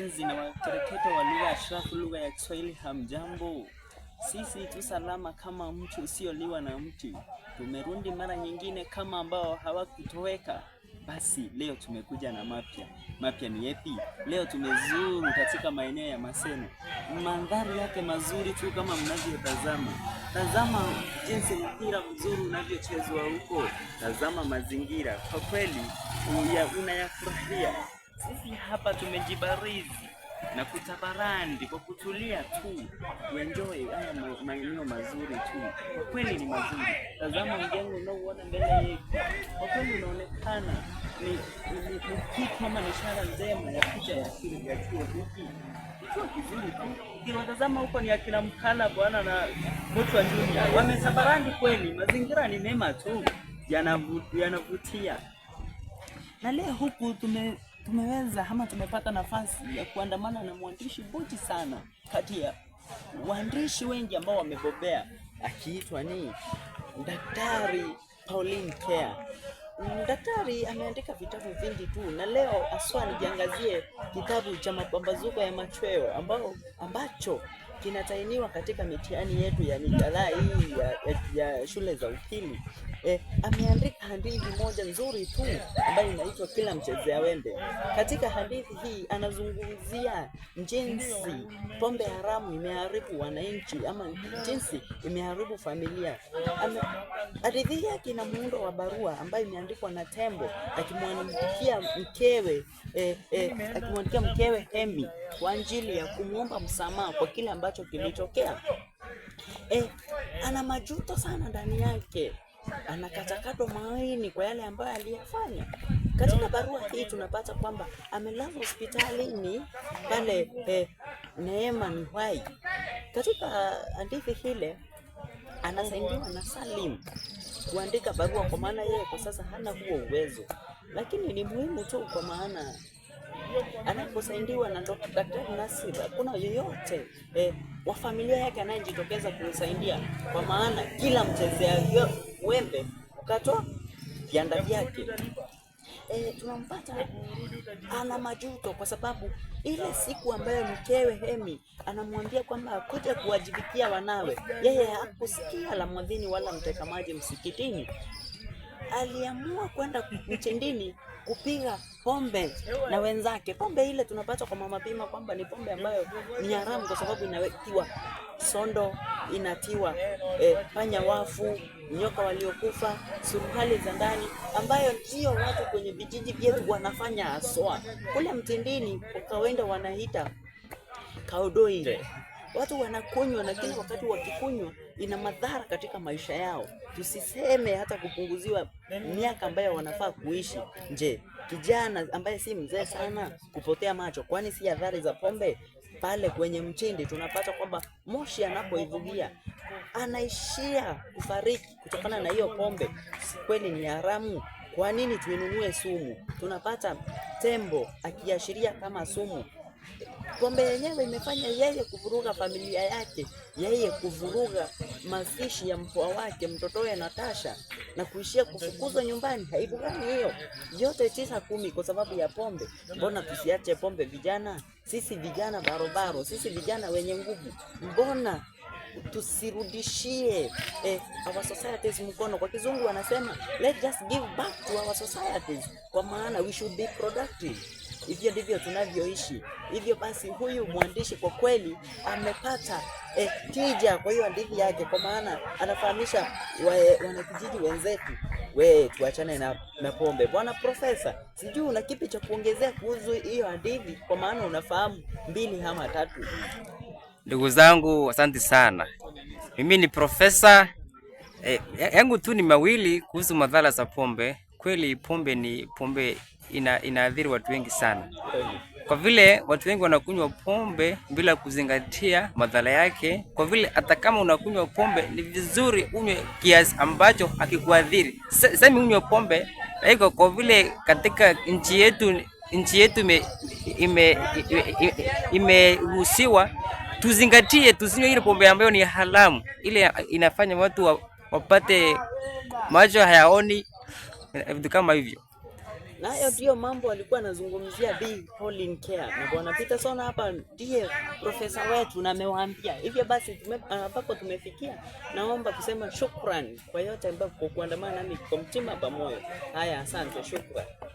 Penzi na wakereketo wa lugha ya sharafu lugha ya Kiswahili, hamjambo? Sisi tu salama kama mtu usioliwa na mti. Tumerudi mara nyingine kama ambao hawakutoweka. Basi leo tumekuja na mapya. Mapya ni yepi? Leo tumezuru katika maeneo ya Maseno, mandhari yake mazuri tu kama mnavyotazama. Tazama jinsi mpira mzuri unavyochezwa huko, tazama mazingira, kwa kweli unayafurahia. Sisi hapa tumejibarizi na kutabarandi kwa kutulia tu, tuenjoy haya maeneo mazuri tu. Kwa kweli ni mazuri. Tazama mjengo unaoona mbele yetu, kwa kweli unaonekana ni kitu kama ishara njema ya picha ya siri ya chuo hiki, kichuo kizuri tu. Ukiwatazama huko ni akina Mkala bwana na Motwa Junior wametabarandi kweli, mazingira ni mema tu, yanavutia na leo huku tume tumeweza ama tumepata nafasi ya kuandamana na mwandishi buti sana kati ya waandishi wengi ambao wamebobea, akiitwa ni Daktari Pauline Kea. Mm, daktari ameandika vitabu vingi tu, na leo aswa nijiangazie kitabu cha Mapambazuko ya Machweo ambao ambacho kinatainiwa katika mitihani yetu ya mijalaa hii ya, ya shule za upili eh, ameandika hadithi moja nzuri tu ambayo inaitwa Kila Mchezea Wembe. Katika hadithi hii anazungumzia jinsi pombe haramu imeharibu wananchi ama jinsi imeharibu familia Ame, aridhi yake ina muundo wa barua ambayo imeandikwa na tembo akimwandikia mkewe eh, eh, akimwandikia mkewe Emmy kwa ajili ya kumwomba msamaha kwa kile ambacho kilitokea. Eh, ana majuto sana ndani yake, anakatakatwa maini kwa yale ambayo aliyafanya. Katika barua hii tunapata kwamba amelazwa hospitalini pale eh, Neema ni wai Katika hadithi hile anasaidiwa na Salim kuandika barua, kwa maana yeye kwa sasa hana huo uwezo, lakini ni muhimu tu, kwa maana anaposaidiwa na Daktari Nasir kuna yoyote eh, wa familia yake anayejitokeza kumsaidia, kwa maana kila mchezea wembe ukatwa vianda vyake eh, tunampata ana majuto kwa sababu ile siku ambayo mkewe Hemi anamwambia kwamba akuje kuwajibikia wanawe, yeye hakusikia la mwadhini wala mteka maji msikitini, aliamua kwenda mchindini kupiga pombe na wenzake. Pombe ile tunapata kwa mama pima kwamba ni pombe ambayo ni haramu kwa sababu inawetiwa sondo, inatiwa eh, panya wafu, nyoka waliokufa, suruhali za ndani, ambayo ndio watu kwenye vijiji vyetu wanafanya aswa. Kule mtindini ukawenda wanaita kaudoi watu wanakunywa, lakini wakati wakikunywa ina madhara katika maisha yao, tusiseme hata kupunguziwa miaka ambayo wanafaa kuishi. nje kijana ambaye si mzee sana kupotea macho, kwani si adhari za pombe? Pale kwenye mtindi tunapata kwamba moshi anapoivugia anaishia kufariki kutokana na hiyo pombe. Kweli ni haramu. Kwa nini tuinunue sumu? Tunapata tembo akiashiria kama sumu pombe yenyewe imefanya yeye kuvuruga familia yake, yeye kuvuruga mazishi ya mpwa wake mtotowe Natasha na kuishia kufukuzwa nyumbani. Aibu gani hiyo? Yote tisa kumi kwa sababu ya pombe. Mbona tusiache pombe vijana? Sisi vijana barobaro, sisi vijana wenye nguvu, mbona tusirudishie eh, our societies mkono. Kwa kizungu wanasema let's just give back to our societies, kwa maana we should be productive. Hivyo ndivyo tunavyoishi. Hivyo basi, huyu mwandishi kwa kweli amepata eh, tija kwa hiyo hadithi yake, kwa maana anafahamisha wanakijiji wenzetu we tuachane na, na pombe. Bwana Profesa, sijui una kipi cha kuongezea kuhusu hiyo hadithi, kwa maana unafahamu mbili ama tatu. Ndugu zangu, asante sana. Mimi ni profesa eh, yangu tu ni mawili kuhusu madhara za pombe. Kweli pombe ni pombe ina, inaathiri watu wengi sana, kwa vile watu wengi wanakunywa pombe bila kuzingatia madhara yake. Kwa vile hata kama unakunywa pombe, ni vizuri unywe kiasi ambacho akikuadhiri Sasa unywe pombe haiko, kwa vile katika nchi yetu nchi yetu imeruhusiwa ime, ime, ime tuzingatie, tusinywe ile pombe ambayo ni haramu, ile inafanya watu wapate macho hayaoni, vitu kama hivyo na hiyo ndiyo mambo alikuwa anazungumzia Bi Pauline Care na Bwana Peterson hapa ndiye profesa wetu, na amewaambia hivyo. Basi ambapo tume, ah, tumefikia, naomba kusema shukrani kwa yote ambao kwa kuandamana nami kwa mtima pamoja. Haya, asante, shukrani.